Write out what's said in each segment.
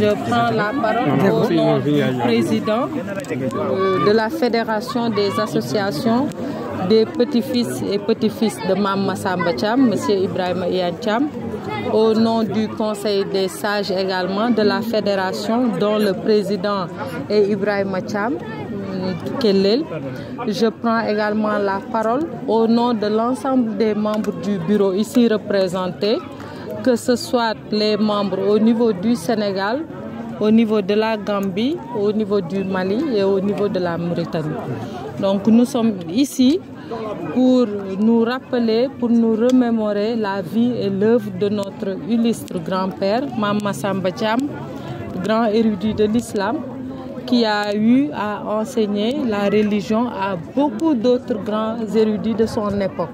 Je prends la parole au président euh, de la Fédération des associations des petits-fils et de Mam Massamba Cham, M. Ibrahim Iyan Cham, au nom du Conseil des sages également de la Fédération dont le président est Ibrahim Cham. Euh, Kellel. Je prends également la parole au nom de l'ensemble des membres du bureau ici représentés, que ce soit les membres au niveau du Sénégal au niveau de la Gambie, au niveau du Mali et de la Mauritanie. Donc nous sommes ici pour nous rappeler, pour nous remémorer la vie et l'œuvre de notre illustre grand-père, Mamma Samba grand érudit de l'islam, qui a eu à enseigner la religion à beaucoup d'autres grands érudits de son époque,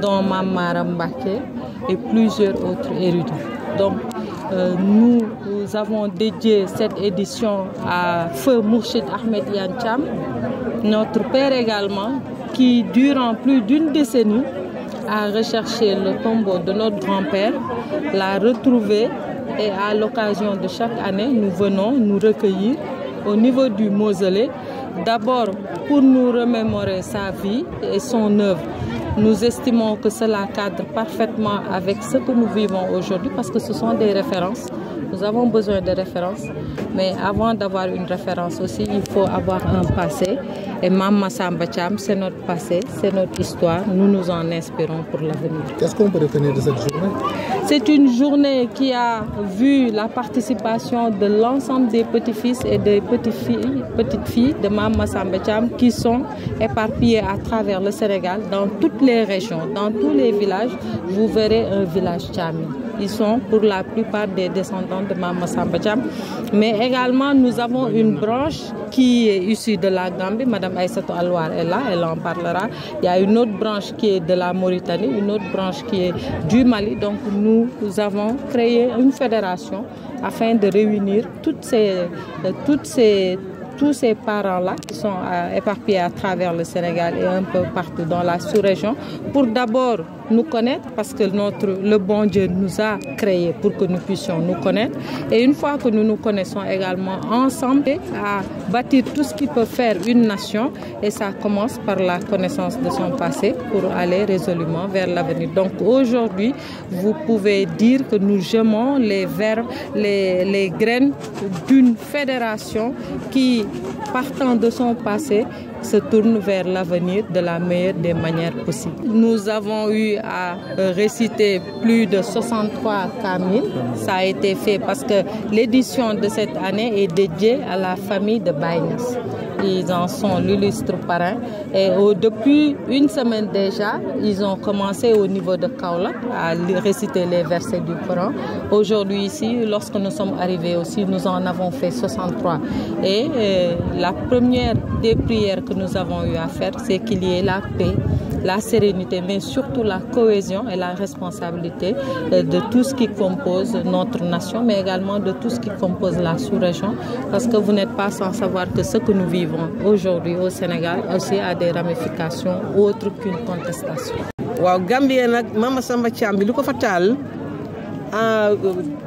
dont Mamma Rambake et plusieurs autres érudits. Donc, euh, nous nous avons dédié cette édition à Feu Mourchid Ahmed Yancham, notre père également, qui durant plus d'une décennie a recherché le tombeau de notre grand-père, l'a retrouvé et à l'occasion de chaque année, nous venons nous recueillir au niveau du mausolée, d'abord pour nous remémorer sa vie et son œuvre. Nous estimons que cela cadre parfaitement avec ce que nous vivons aujourd'hui parce que ce sont des références avons besoin de références Mais avant d'avoir une référence aussi, il faut avoir un passé. Et Mama Samba c'est notre passé, c'est notre histoire. Nous nous en inspirons pour l'avenir. Qu'est-ce qu'on peut retenir de cette journée C'est une journée qui a vu la participation de l'ensemble des petits-fils et des petits-filles, petites filles de Mama Samba qui sont éparpillés à travers le Sénégal, dans toutes les régions, dans tous les villages. Vous verrez un village Tchami. Ils sont pour la plupart des descendants de Mama Samba mais Également, nous avons une branche qui est issue de la Gambie. Madame Aïssato Alouar est là, elle en parlera. Il y a une autre branche qui est de la Mauritanie, une autre branche qui est du Mali. Donc, nous, nous avons créé une fédération afin de réunir toutes ces, euh, toutes ces tous ces parents-là qui sont euh, éparpillés à travers le Sénégal et un peu partout dans la sous-région pour d'abord nous connaître parce que notre, le bon Dieu nous a créés pour que nous puissions nous connaître. Et une fois que nous nous connaissons également ensemble, à bâtir tout ce qui peut faire une nation. Et ça commence par la connaissance de son passé pour aller résolument vers l'avenir. Donc aujourd'hui, vous pouvez dire que nous gemons les verbes, les, les graines d'une fédération qui, partant de son passé, se tourne vers l'avenir de la meilleure des manières possibles. Nous avons eu à réciter plus de 63 Kamil. Ça a parce que l'édition de cette année est à la famille de Baïnas. ils en sont l'illustre parrain. Et au, oh, depuis une semaine déjà, ils ont commencé au niveau de Kaolack à réciter les versets du Coran. Aujourd'hui ici, lorsque nous sommes arrivés aussi, nous en avons fait Et euh, la première des prières que nous avons eu à c'est qu'il y ait la paix la sérénité, mais surtout la cohésion et la responsabilité euh, de tout ce qui compose notre nation, mais également de tout ce qui compose la sous-région, parce que vous n'êtes pas sans savoir que ce que nous vivons aujourd'hui au Sénégal aussi a des ramifications autres qu'une contestation. waaw Gambie nag Mama Samba Thiam bi lu ko fa taal ah,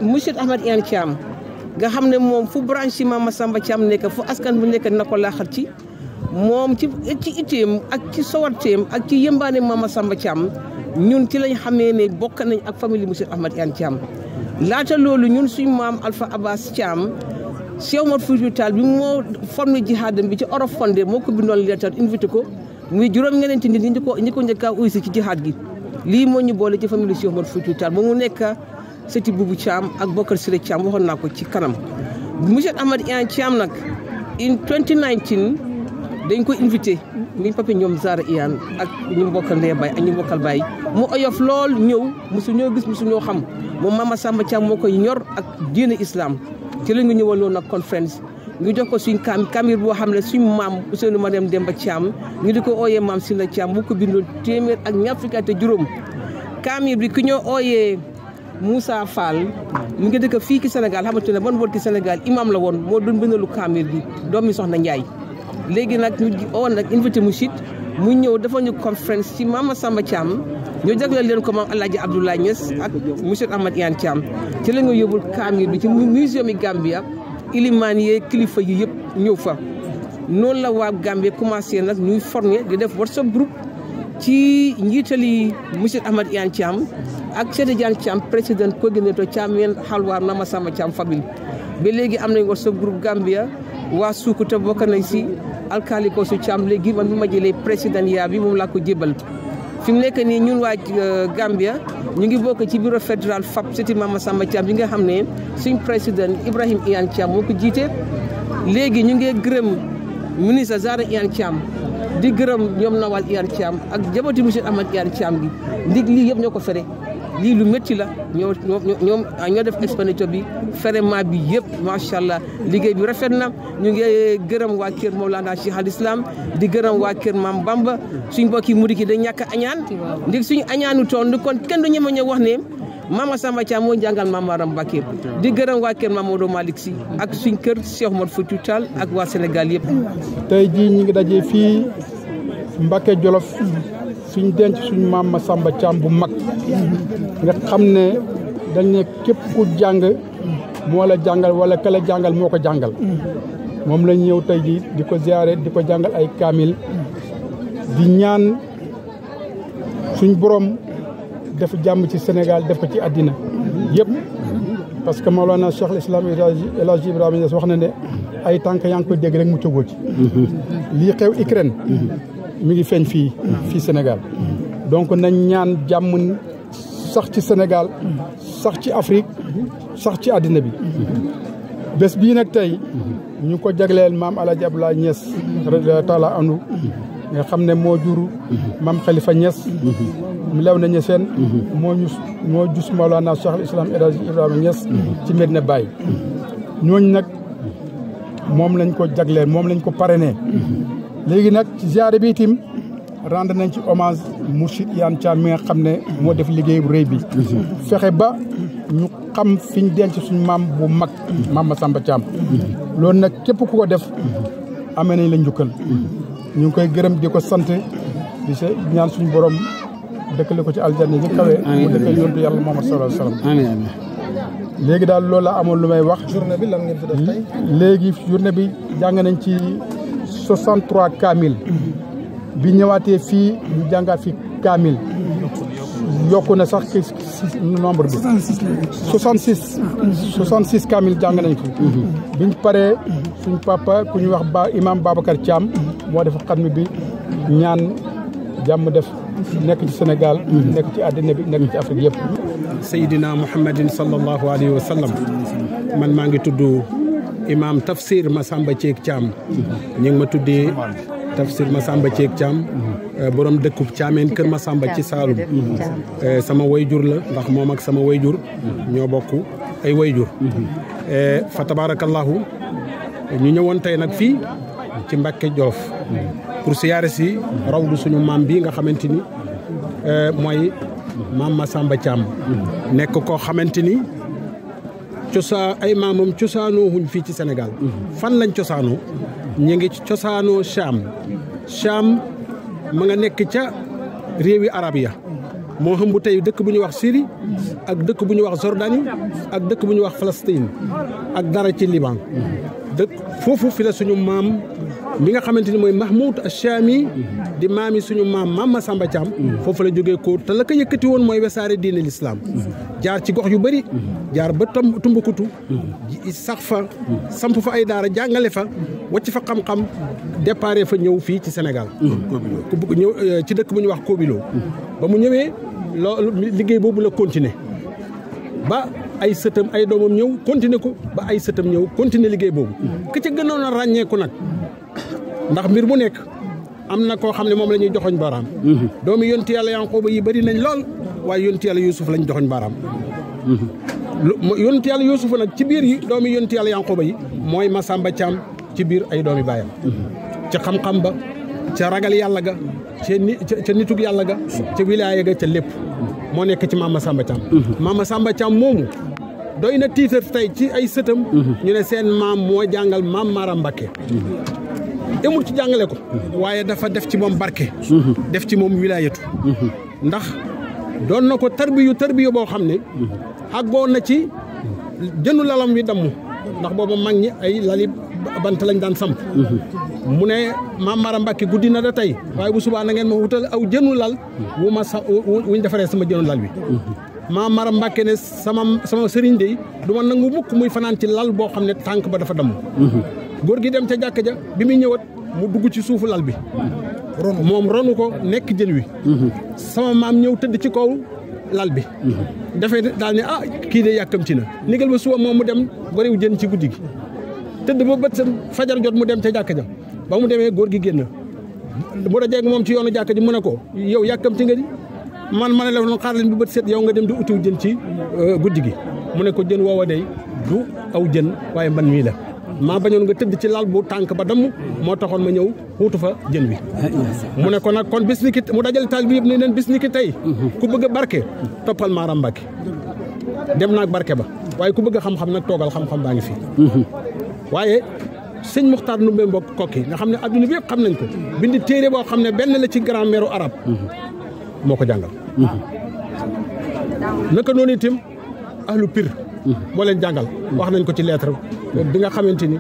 monsieur Ahmed Iyane Thiam nga xam ne moom fu branche ci Mama Samba Thiam nekk fu askan bu nekk na ko laaxal ci moom ci ci itteem ak ci sowarteem ak ci yëmbaane Mama Samba Thiam ñun ci lañ xamee ne bokk nañ ak famille monsieur Ahmad Yane Thiam laata loolu ñun suñu maam Alpha Abbas Thiam Cheikh Omar Foutiyou Tall bi moo formé jihaadam bi ci Orof Fondé moo ko bindoon leetar invité ko muy juróom ñeneenti nit ñi ko ñi ko njëkkaa uysi ci jihaad gi lii moo ñu boole ci famille Cheikh Omar Foutiyou Tall ba mu nekk sëti Boubou Thiam ak Bokar Siré Thiam waxoon naa ko ci kanam monsieur Ahmad Yane Thiam nag in 2019 dañ ko invité liñ papi ñoom Zara Iyane ak ñu bokkal ndey Baye ak ñu bokkal Baye moo oyof lool ñëw mosu ñoo gis mosu ñoo xam moom Mama Samba Thiam moo koy ñor ak diine islaam ci la ñu ñëwal loolu nag conférence ñu jox ko suñ kam kamir boo xam ne suñ maam Ousseynou Mariam Demba Thiam ñu di ko ooyee maam Sina Thiam mu ko bindoon téeméer ak ñaar fukki at juróom kaamiir bi ki ñoo ooyee Moussa Fall mu ngi dëkk fii ci Sénégal xamante ne ban boot ci Sénégal imam la woon moo doon bindalu kamir bi doomi soxna Ndiaye léegi nag ñu owoon nag invité mu sit mu ñëw dafa ñu conférence ci Mama Samba Thiam ñu jagleel leen ko moom El Hadj Abdoulaye Niass ak monsieur Ahmad Iyane Thiam ci la ñu yóbbul kaamil bi ci muséum yi Gambia ilimaan yee kilifa yi yëpp ñëw fa noonu la waa Gambie commencé nag ñuy forme di def WhatsApp group ci njiitali monsieur Ahmad Iyane Thiam ak Cheikh Tidiane Thiam président coordinateur Thiam yeen xalwaar Mama Samba Thiam famille ba léegi am nañ WhatsApp groupe Gambia waa Suukuta bokk nañ si alkaali ko su Thiam léegi man bi ma jëlee président yaa moom laa ko jébal fi mu nekk nii ñun waa euh, Gambia ñu ngi bokk ci bureau fédéral FAP ma ma Samba Thiam bi nga xam ne suñ président Ibrahim Iyan Thiam moo ko jiite léegi ñu ngi gërëm ministre Zahra Iyane Thiam di gërëm ñoom na Nawal Iyane Thiam ak jabati monsieur Ahmad Iyane Thiam gi ndig lii yëpp ñoo ko fere lii lu métti la ñoo ñoom ah, ñoo def exposition bi ferement bi yëpp macha allah liggéey bi rafet na ñu ngi eh, gërëm waa kër Mawlana Cheikh Al Islam di gërëm waa kër Maam Bamba suñ mbokk yi murid yi dañ ñàkk añaan ndig suñ añaanu toon kon kenn du ñeme ñëw wax ne Mama Samba Thiam moo jàngal Mame Maram Mbacké di gërëm waa kër Mamadou Malick Sy ak suñ kër Cheikh Modou Foutiyou Tall ak waa senegal yëpp. tey jii ñu ngi daje fii Mbacké Jolof. fi denc suñ maam ma Samba caam bu mag nga xam ne dañ ne képp ku jàng moo la jàngal wala kala jàngal moo ko jàngal moom lañ ñëw tey ji di ko ziare di ko jàngal ay kaamil di ñaan suñ borom def jàmm ci Sénégal def ko ci addina yëpp parce que Maolana Cheikh l'Islam El Hadj Ibrahima Niass wax na ne ay tànk yaa ngi koy dégg rek mu cogoo ci mm-hmm. lii mi ngi feeñ fii fii Sénégal donc nañ ñaan jàmm sax ci senegal sax ci Afrique sax ci àddina bi bés bii nag tey ñu ko jagleel maam El Hadj Abdoulaye Niass radiyallaahu taala anhu nga xam ne moo juru maam Khalifa Niass mu lew na Niassène moo ñu moo jus Mawlana Cheikh al Islam El Hadj Ibrahima Niass ci Medina baay ñooñ nag moom lañ ko jagleel moom lañ ko parrainé léegi nag ci bii tiim itam rendre nañ ci hommage Mourchid Iyane Thiam mi nga xam ne moo def liggéey bu rëy bi. fexe ba ñu xam fi ñu denc suñu maam bu mag. maam samba caam loolu nag képp ku ko def amee nañ la njukkal. ñu ngi koy gërëm di ko sant di se ñaan suñu borom dëkkale ko ci aljanna ji kawe. amiin mu dëkkale yontu léegi daal loolu la amoon lu may wax. journée bi lan ngeen fi léegi journée bi jàng nañ ci. 63 kaamil bi ñëwaatee fii ñu jàngaat fi kaamil yokku na sax ci nombre bi 66 66 kaamil jàng nañ bi biñ paree suñ papa ku ñu wax ba imam Babacar Thiam moo def xam ne bi ñaan jàmm def nekk ci Sénégal nekk ci àddina bi nekk ci Afrique yëpp Seydina Mouhamadin sallallahu alayhi wa sallam man maa ngi tudd imaam tafsir Masamba Ceeg Caam ñu ngi ma tuddee ma Masamba Ceeg Caam euh, borom dëkkub caameen kër Masamba ci Saalum euh, sama wayjur la ndax moom ak sama wayjur ñoo bokk ay wayjur euh, fa tabarakallahu ñu ñëwoon tey nag fii ci Mbàkke joof pour siyaare si raw rawdu suñu maam bi nga xamante ni mooy maam Masamba Caam nekk koo xamante cosaan ay maamam cosaanoo wuñ fii ci Sénégal fan lañ cosaanoo ñu ngi cosaanoo Cham Cham ma nga nekk ca réewi arab ya moo xam bu tey dëkk bu ñuy wax siri ak dëkk bu ñuy wax Jordanie ak dëkk bu ñuy wax Palestine ak dara ci Liban dëkk foofu fi la suñu maam bi nga xamante ni mooy Mahmoud Achami di maam suñu maam maam Masamba Thiam foofu la jógee ko te la ko yëkkati woon mooy wesaare diine lislaam jaar ci gox yu bëri jaar ba Tumbuktu sax fa samp fa ay daara jàngale fa wacc fa xam-xam déparé fa ñëw fii ci Sénégal ñëw euh, ci dëkk bu ñu wax Kobilo ba mu ñëwee loolu liggéey boobu la continuer ba ay sëtam ay doomam ñëw continuer ko ba ay sëtam ñëw continuer liggéey boobu ka ca a ràññeeku nag ndax mbir mu nekk am na koo xam ne moom la ñuy joxoñ baaraam mhm. doomi yonti yàlla yanqooba yi bëri nañ lool waaye yonti yàlla yuusuf lañ joxoñ baaraam mhm. yonti yàlla yuusuf nag ci biir yi doomi yonti yàlla yanqooba yi mooy Masamba Caam ci biir ay doomi baayam mhm. ci xam-xam ba ca ragal yàlla ga ca nitug yàlla ga ca wilaaya ga ca lépp moo nekk ci maam Masamba Caam maam Masamba Caam moomu doy na tiitar tey ci ay sëtam ñu ne seen maam moo jàngal maam Mara Mbakke demul ci jàngale ko waaye dafa def ci moom barke def ci moom wilaayatu ndax doon na ko tarbiyu tarbiyu boo xam ne àggoon na ci jënu lalam wi damm ndax booba mag ñi ay lali bant lañ daan samp mu ne maam Mara guddi na da tey waaye bu subaa na ngeen ma wutal aw jënu lal ma sa defaree sama jënu lal wi maam Mara ne sama sama sëriñ de du ma nangu mukk muy fanaan ci lal boo xam ne tànk ba dafa damm góor gi dem ca jàkk ja bi muy ñëwat mu dugg ci suufu lal bi moom ronu ko nekk jën wi mhm. sama maam ñëw tëdd ci kaw lal bi mhm. dafay daal ni a ah, kii de yàkkamti na nigal ba suba moom mu dem goriw jën ci guddi gi tëdd ba bët sa fajar jot mu dem ca jàkk ja ba mu demee góor gi génn bu da jeeg moom ci yoonu jàkk ji mu ne ko yow yàkkamti nga di man ma ne la woon xaar leen bu bët set yow nga dem di utiw jën ci euh, guddi gi mu ne ko jën woowa day du aw jën waaye man mii la maa bañoon nga tëdd ci lal bu tànk ba damm moo taxoon ma ñëw xuutu fa jën wi mu ne ko nag kon bis ni mu dajal taal bi yëpp ne leen bis ni ki tey ku bëgg a barke toppal maaram Mbàkke dem naag barke ba waaye ku bëgg a xam-xam nag toogal xam-xam baa ngi fi waaye sëñ Muxtaar Ndumbe mbokk kokki nga xam ne adduna bi yëpp xam nañ ko bindi téere boo xam ne benn la ci grammaire arab moo ko jàngal naka noonu itam ahlu pir moo leen jàngal wax nañ ko ci lettre bi nga xamante ni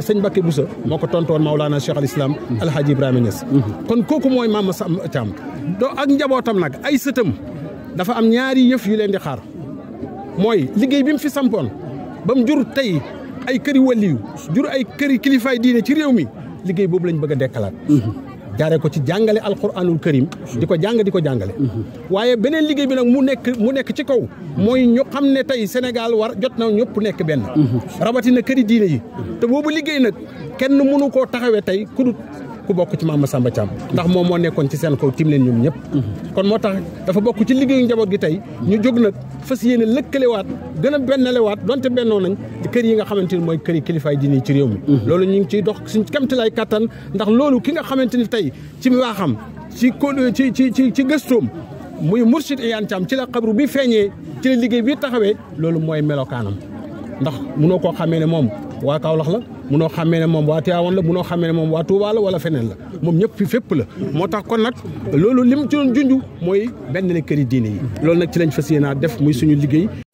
sëñ Mbacké Bousso moo ko tontoon Maulana Cheikh al Islam Alhaji Ibrahima Niass kon kooku mooy Mame Massa Thiam do ak njabootam nag ay sëtam dafa am ñaari yëf yu leen di xaar mooy liggéey bi mu fi sampoon ba mu jur tey ay këri waliyu jur ay këri kilifaay diine ci réew mi liggéey boobu lañ bëgg a dekkalaat jaaree ko ci jàngale alquranul karim di ko jàng di ko jàngale waaye beneen liggéey bi nag mu nekk mu nekk ci kaw mooy ñu xam ne tey Sénégal war jot na ñëpp nekk benn mhm. rawatina këri diine yi te boobu liggéey nag kenn mënu koo taxawee tey kudut ku bokk ci Maam Samba Thiam ndax moom moo nekkoon ci seen kaw tim leen ñoom ñëpp kon moo tax dafa bokk ci liggéeyu njaboot gi tey ñu jóg nag fas yéene lëkkalewaat gën a bennalewaat donte bennoo nañ kër yi nga xamante ni mooy kër yi kilifaay diine ci réew mi loolu ñu ngi ciy dox suñ kamtilaay kattan ndax loolu ki nga xamante ni tey ci waaxam ci ci ci ci ci gëstoom muy mursid Iyaan Caam ci la xabru bi feeñee ci la liggéey bi taxawee loolu mooy melokaanam ndax mënoo koo xamee ne moom waa Kaolack la munoo xàmmee ne moom waa Tivaouane la munoo xàmmee ne moom waa Touba la wala feneen la moom ñëpp fi fépp la moo tax kon nag loolu lim ci doon junj mooy benn ne këri diine yi loolu nag ci lañ fas yéenaa def muy suñu liggéey